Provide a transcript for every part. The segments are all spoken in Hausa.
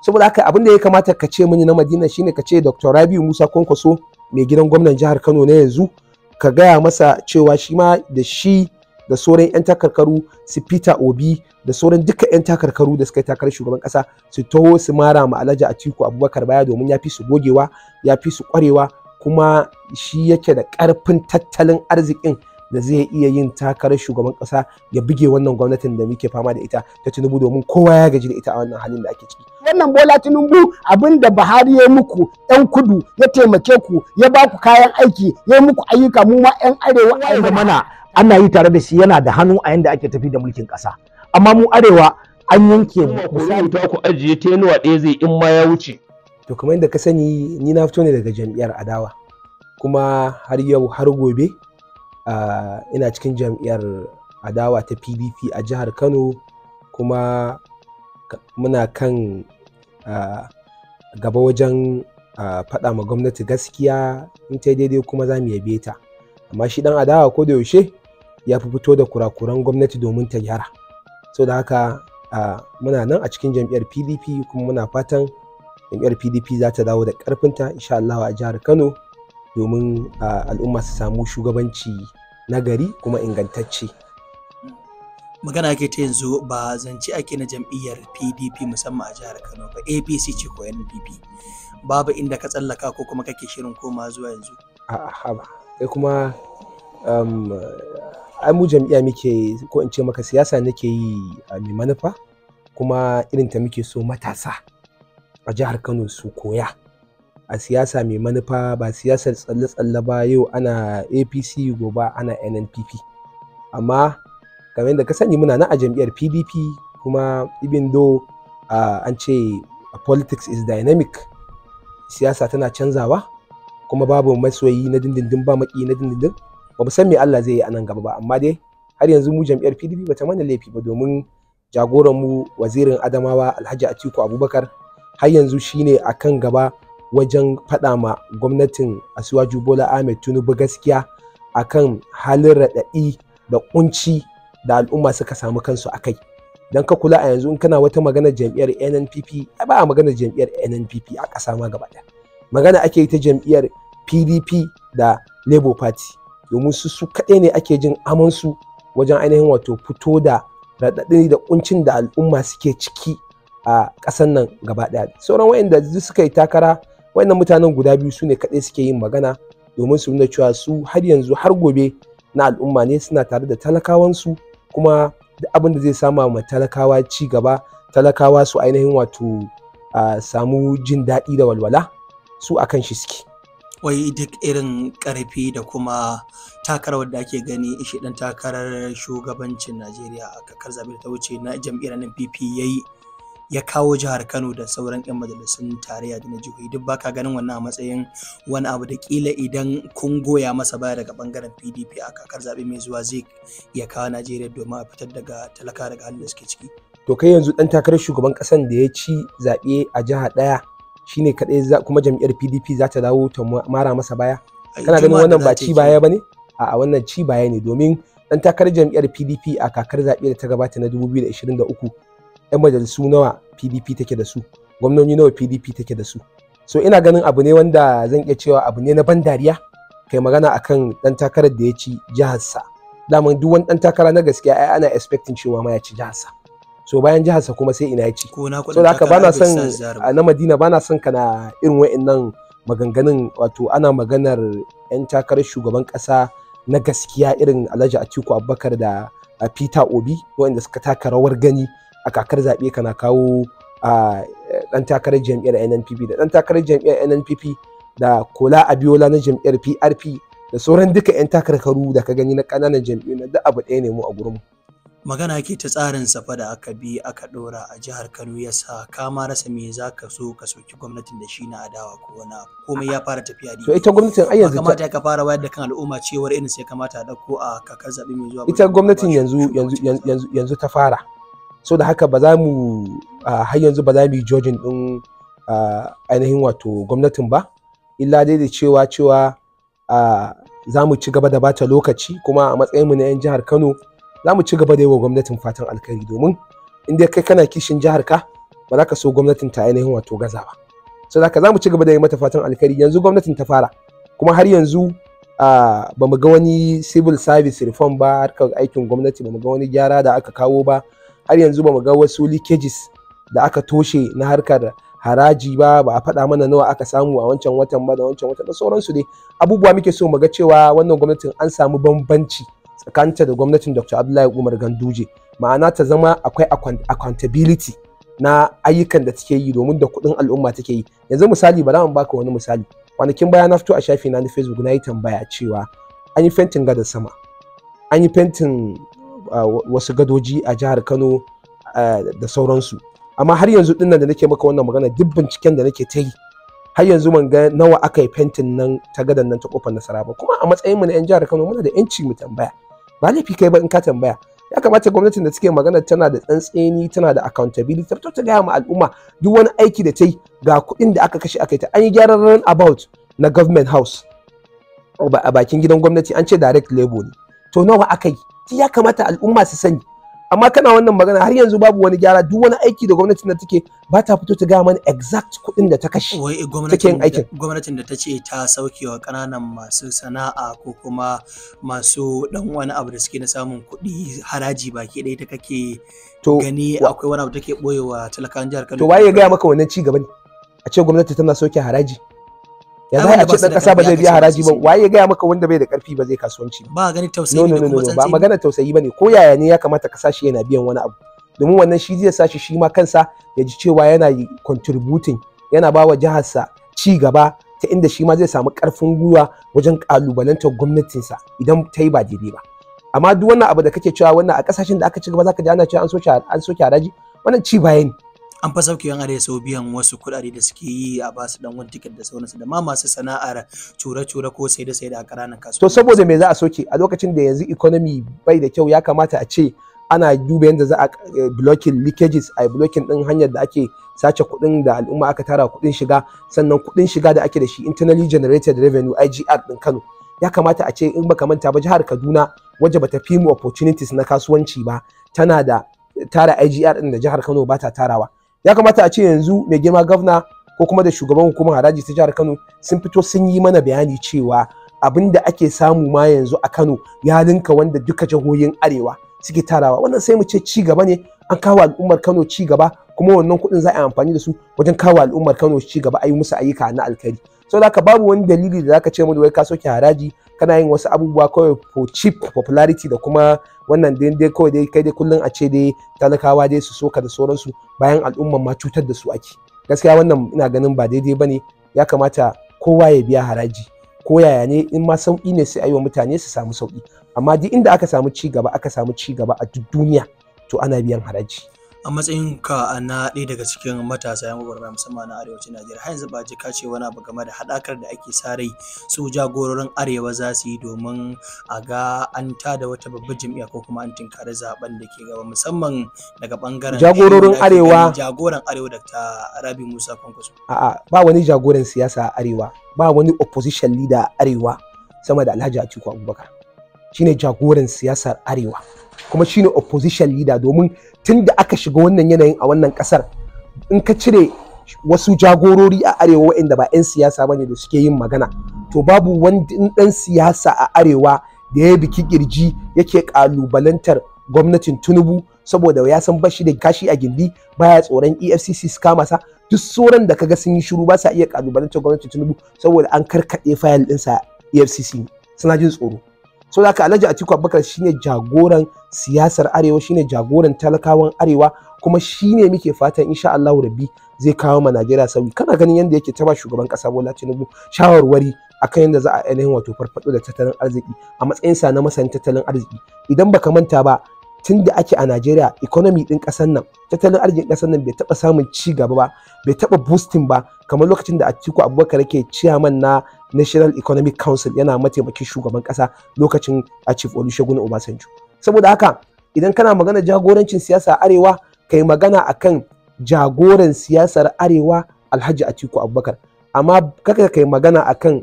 saboda haka abin da ya kamata ka ce mini na madina shine ka ce dr rabiu musa kwankwaso mai gidan gwamnan jihar kano na yanzu ka gaya masa cewa shi ma da shi da sauran 'yan takarkaru su peter obi da sauran duka 'yan takarkaru da suka takarar shugaban ƙasa su taho su mara ma alhaji atiku abubakar baya domin ya fi su gogewa ya fi su kwarewa kuma shi yake da ƙarfin tattalin arzikin da zai iya yin takarar shugaban kasa ya buge wannan gwamnatin da muke fama da ita ta Tinubu domin kowa ya gaji da ita a wannan halin da ake ciki. Wannan Bola Tinubu abin da Buhari ya muku yan kudu ya taimake ku ya ba ku kayan aiki ya muku ayyuka mu ma ƴan arewa a mana ana yi tare da shi yana da hannu a yanda ake tafi da mulkin kasa amma mu arewa an yanke mu sai ta ku ajiye ta yanuwa ɗaya zai in ma ya wuce. To kamar yadda ka sani ni na fito ne daga jam'iyyar adawa kuma har yau har gobe Ah, ina cikin jam'iyyar adawa ta pdp a jihar kano kuma muna kan ah, gaba wajen ah, faɗa ma gwamnati gaskiya in ta daidai kuma za mu yabe ta amma shi ɗan adawa ko da yaushe ya fi fito da kurakuran gwamnati domin ta gyara so da haka muna nan a cikin jam'iyyar pdp kuma muna fatan jam'iyyar pdp za ta dawo da ƙarfinta insha Allah a jihar kano domin al'umma su samu shugabanci na gari kuma ingantacce magana ake ta yanzu ba zance ake na jam'iyyar pdp musamman a jihar kano ba apc ce ko npp babu inda ka tsallaka ko kuma kake shirin koma zuwa yanzu a'a ba sai kuma um, ai mu jam'iyya muke ko in ce maka siyasa nake yi a mai manufa kuma irin ta muke so matasa a jihar kano su koya a siyasa mai manufa ba siyasar tsalle-tsalle ba yau ana apc gobe ana nnpp amma kamar yadda ka sani muna nan a jam'iyyar pdp kuma even though uh, an ce politics is dynamic siyasa tana canzawa kuma babu masoyi na dindindin ba maki na dindindin ba mu san me Allah zai yi a nan gaba ba amma dai har yanzu mu jam'iyyar PDP bata mana laifi ba domin jagoran mu wazirin Adamawa Alhaji Atiku Abubakar har yanzu shine akan gaba wajen faɗa ma gwamnatin Asuwaju Bola Ahmed Tinubu gaskiya A kan halin raɗaɗi da ƙunci da al'umma suka samu kansu a kai. Don ka kula a yanzu in kana wata magana jam'iyyar NNPP ba a magana jam'iyyar NNPP a ƙasa ma gaba ɗaya. Magana ake yi ta jam'iyyar PDP da Labour Party domin su su kaɗai ne ake jin amansu wajen ainihin wato fito da raɗaɗi da ƙuncin da al'umma suke ciki a ƙasan nan gaba ɗaya sauran wayanda suka yi takara wannan mutanen guda biyu sune ne kaɗai suke yin magana domin su nuna cewa su har yanzu har gobe na al'umma ne suna tare da talakawansu kuma duk abin da zai sama ma talakawa ci gaba talakawa su ainihin wato samu jin daɗi da walwala su akan shi suke wai duk irin karfi da kuma takarar da ake gani ishi dan takarar shugabancin najeriya a kakar zabe ta wuce na jam'iyyar pp ya yi ya kawo jihar Kano da sauran 'yan majalisun tarayya da na jihohi duk baka ganin wannan a matsayin wani abu da kila idan kun goya masa baya daga bangaren PDP a kakar zaɓe mai zuwa zai ya kawo Najeriya domin a fitar daga talaka daga halin da suke ciki. To kai yanzu ɗan takarar shugaban ƙasan da ya ci zaɓe a jiha ɗaya shine kaɗai kuma jam'iyyar PDP za ta dawo ta mara masa baya? Kana ganin wannan ba ci baya ba ne? A'a wannan ci baya ne domin ɗan takarar jam'iyyar PDP a kakar zaɓe da ta gabata na 2023 'yan majalisu nawa pdp take da su gwamnoni nawa pdp take da su so ina ganin abu ne wanda zan iya cewa abu ne na ban dariya kai magana akan dan takarar da ya ci jiharsa daman duk wani dan takara na gaskiya ai ana expecting cewa ma ya ci jiharsa so bayan jiharsa kuma sai ina ya ci so da bana son na madina bana son ka na irin wa'annan maganganun wato ana maganar 'yan takarar shugaban kasa na gaskiya irin alhaji atiku abubakar da peter obi waɗanda suka taka rawar gani a kakar zaɓe kana kawo a ɗan takarar jam'iyyar nnpp da ɗan takarar jam'iyyar nnpp da kola abiola na jam'iyyar prp da sauran duka 'yan takarkaru da ka gani na ƙananan jam'iyyar na duk abu ɗaya ne mu a gurin mu magana ke ta tsarin safa da aka bi aka ɗora a jihar Kano ya sa ka ma rasa me za ka so ka soki gwamnatin da shi na adawa ko wani komai ya fara tafiya da ita gwamnatin ai yanzu kamata ka fara wayar da kan al'umma cewar irin sai kamata a dauko a kakar zaɓe mai zuwa ita gwamnatin yanzu yanzu yanzu ta fara so da haka ba za mu har yanzu ba za mu yi jojin din ainihin wato gwamnatin ba illa dai da cewa cewa za mu ci gaba da bata lokaci kuma a matsayin mu na 'yan jihar kano za mu ci gaba da yi wa gwamnatin fatan alkhairi domin in dai kai kana kishin jihar ka ba za ka so gwamnatin ta ainihin wato gaza ba so haka za mu ci gaba da yi mata fatan alkhairi yanzu gwamnatin ta fara kuma har yanzu ba mu ga wani civil service reform ba harkar aikin gwamnati ba mu ga wani gyara da aka kawo ba har yanzu ba mu ga wasu leakages da aka toshe na harkar haraji ba ba a faɗa mana nawa aka samu a wancan watan ba da wancan watan da sauransu dai abubuwa muke so mu ga cewa wannan gwamnatin an samu bambanci tsakanta da gwamnatin Dr. Abdullahi Umar Ganduje ma'ana ta zama akwai accountability na ayyukan da take yi domin da kuɗin al'umma take yi yanzu misali ba za mu baka wani misali kwanakin baya na fito a shafi na na Facebook na yi tambaya cewa an yi fentin gadar sama an yi fentin wasu gadoji a jihar Kano da sauransu amma har yanzu dinnan da nake maka wannan magana duk binciken da nake ta yi har yanzu man ga nawa aka yi fentin nan ta gadan nan ta kofar nasara ba kuma a matsayin mu na yan jihar Kano muna da yanci mu tambaya ba laifi kai ba in ka tambaya ya kamata gwamnatin da suke magana tana da tsantseni tana da accountability ta ta gaya ma al'umma duk wani aiki da ta yi ga kuɗin da aka kashe aka ta an yi gyaran about na government house a bakin gidan gwamnati an ce direct labor ne to nawa aka yi ya kamata al'umma su sani amma kana wannan magana har yanzu babu wani gyara duk wani aiki da gwamnatin da take ba ta fito ta gaya mana exact kuɗin da ta kashe wai gwamnatin aikin gwamnatin da ta ce ta saukewa kananan masu sana'a ko kuma masu dan wani abu da suke na samun kuɗi haraji baki ɗaya ta kake to gani akwai wani abu take boyewa talakan jihar Kano to waye ya gaya maka wannan ci gaba ne a ce gwamnati tana sauke haraji ya za a ce dan kasa ba zai biya haraji ba waye gaya maka wanda bai da karfi ba zai kasuwanci ba gani tausayi ne kuma ba magana tausayi bane ko yaya ne ya kamata ka sashi yana biyan wani abu domin wannan shi zai sashi shi ma kansa ya ji cewa yana contributing yana ba wa jiharsa ci gaba ta inda shi ma zai samu karfin gwiwa wajen kalubalantar gwamnatinsa idan ta yi ba daidai ba amma duk wannan abu da kake cewa wannan a kasashen da aka ci gaba zaka ji ana cewa an soke haraji wannan ci baya ne an fa sauke yan arewa sau biyan wasu kuɗaɗe da suke yi a basu dan wani tiket da sauransu da ma masu sana'ar cure-cure ko sai da sai da a ƙananan kasuwa. To saboda me za a soke a lokacin da yanzu economy bai da kyau ya kamata a ce ana duba yadda za a eh, blocking leakages a blocking din hanyar da ake sace kuɗin da al'umma aka tara kuɗin shiga sannan kuɗin shiga da ake da shi internally generated revenue IGR din Kano ya kamata a ce in baka manta ba jihar Kaduna waje bata fi mu opportunities na kasuwanci ba tana da tara IGR din da jihar Kano ba ta tarawa ya kamata a ce yanzu mai girma gwamna ko kuma da shugaban hukumar haraji ta jihar Kano sun fito sun yi mana bayani cewa abin da ake samu ma yanzu a Kano ya linka wanda duka jihohin arewa suke tarawa wannan sai mu ce ci gaba ne an kawo al'ummar Kano ci gaba kuma wannan kuɗin za a yi amfani da su wajen kawo al'ummar Kano ci gaba a yi musu ayyuka na alkhairi saboda haka babu wani dalili da zaka ce mu wai ka soke haraji kana yin wasu abubuwa kawai for cheap popularity da kuma wannan dai kawai dai kai dai kullum a ce dai talakawa dai su soka da sauransu bayan al'umman ma cutar da su ake gaskiya wannan ina ganin ba daidai ne ya kamata kowa ya biya haraji ko yaya ne in ma sauƙi ne sai ayiwa mutane su samu sauki amma duk inda aka samu ci gaba aka samu ci gaba a duk duniya to ana biyan haraji a matsayin ka na ɗaya daga cikin matasa yan gwagwarmaya musamman na arewacin Najeriya har yanzu ba ji kace ce wani abu game da haɗakar da ake sa rai su jagororin arewa za su yi domin a ga an tada wata babbar jami'a ko kuma an tinkari zaben da ke gaba musamman daga bangaren jagororin arewa jagoran arewa da ta Rabi Musa Kwankwaso a'a ba wani jagoran siyasa a arewa ba wani opposition leader a arewa sama da Alhaji Atiku Abubakar shine jagoran siyasar arewa kuma shine opposition leader domin tun da aka shiga wannan yanayin a wannan kasar in ka cire wasu jagorori a arewa waɗanda ba 'yan siyasa bane da suke yin magana to babu wani ɗan siyasa a arewa da ya biki kirji yake kalubalantar gwamnatin Tunubu saboda ya san bashi da kashi a gindi baya tsoron efcc su kama sa duk sauran da kaga sun yi shiru ba sa iya kalubalantar gwamnatin tinubu saboda an karkaɗe fayil ɗinsa efcc suna jin tsoro so da Alhaji Atiku Abubakar shine jagoran siyasar Arewa shine jagoran talakawan Arewa kuma shine muke fatan insha Allah rabbi zai kawo ma Najeriya sauyi kana ganin yadda yake taba shugaban kasa Bola Tinubu shawarwari akan yadda za a ainihin wato farfado da tattalin arziki a matsayin sa na masanin tattalin arziki idan baka manta ba tun da ake a Najeriya economy din kasar nan tattalin arzikin kasar nan bai taba samun ci gaba ba bai taba boosting ba kamar lokacin da Atiku Abubakar yake chairman na National Economic Council yana mataimakin shugaban kasa lokacin a Chief Olusegun Obasanjo saboda haka idan kana magana jagorancin siyasa arewa kai magana akan jagoran siyasar arewa Alhaji Atiku Abubakar amma kaka kai magana akan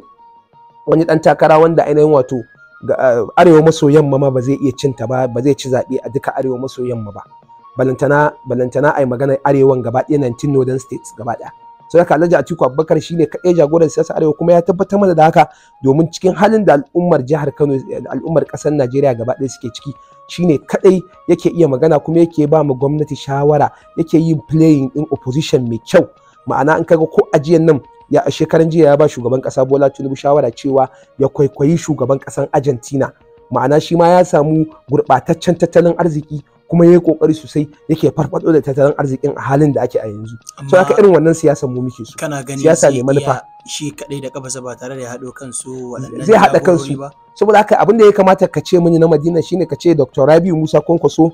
wani dan takara wanda ainihin wato eh, arewa maso yamma ma ba zai iya cinta ba ba zai ci zaɓe a duka arewa maso yamma ba balantana balantana ai magana arewan gaba ɗaya 19 northern states gaba ɗaya sai haka Alhaji Atiku Abubakar shine kaɗai jagoran siyasa Arewa kuma ya tabbatar mana da haka domin cikin halin da al'ummar jihar Kano al'ummar ƙasar Najeriya gaba ɗaya suke ciki shine kaɗai yake iya magana kuma yake ba mu gwamnati shawara yake yin playing in opposition mai kyau ma'ana in kaga ko ajiyan nan ya a shekaran jiya ya ba shugaban ƙasa Bola Tinubu shawara cewa ya kwaikwayi shugaban ƙasar Argentina ma'ana shi ma ya samu gurɓataccen tattalin arziki kuma ya yi kokari sosai yake farfado da tattalin arzikin a halin da ake a yanzu so aka irin wannan siyasar mu muke so kana gani siyasa ne manufa shi kadai da kafa ba tare da ya hado kansu waɗannan zai hada kansu saboda haka abin da ya kamata ka ce mini na Madina shine ka ce Dr. Rabiu Musa Kwankwaso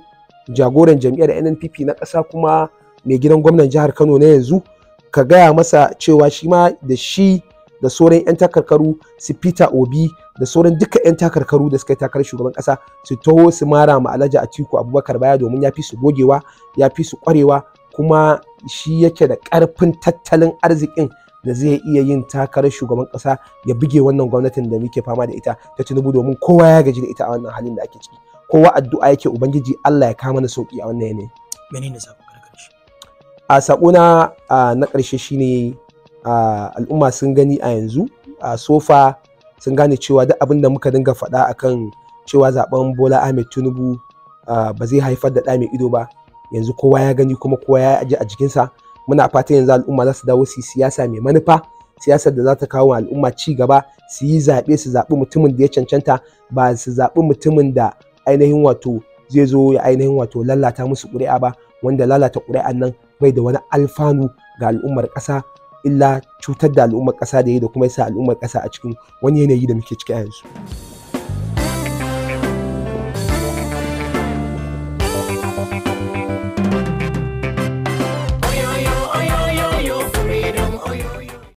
jagoran jam'iyyar NNPP na ƙasa kuma mai gidan gwamnan jihar Kano na yanzu ka gaya masa cewa shi ma da shi da sauran 'yan takarkaru su peter obi da sauran duka 'yan takarkaru da suka yi takarar shugaban kasa su taho su mara ma alhaji atiku abubakar baya domin ya fi su gogewa ya fi su kwarewa kuma shi yake da karfin tattalin arzikin da zai iya yin takarar shugaban kasa ya buge wannan gwamnatin da muke fama da ita ta tunubu domin kowa ya gaji da ita a wannan halin da ake ciki kowa addu'a yake ubangiji allah ya kama na sauki a wannan yanayi menene a sako na na karshe shine al'umma sun gani a yanzu a sofa sun gane cewa duk abin da muka dinga faɗa akan cewa zaɓen bola ahmed tinubu ba zai haifar da ɗa mai ido ba yanzu kowa ya gani kuma kowa ya aji a jikinsa muna fatan yanzu al'umma za su dawo su siyasa mai manufa siyasar da za ta kawo al'umma ci gaba su yi zaɓe su zaɓi mutumin da ya cancanta ba su zaɓi mutumin da ainihin wato zai zo ya ainihin wato lalata musu ƙuri'a ba wanda lalata ƙuri'an nan bai da wani alfanu ga al'ummar ƙasa illa cutar da al'ummar ƙasa da yi da kuma yasa al'ummar ƙasa a cikin wani yanayi da muke ciki a yanzu.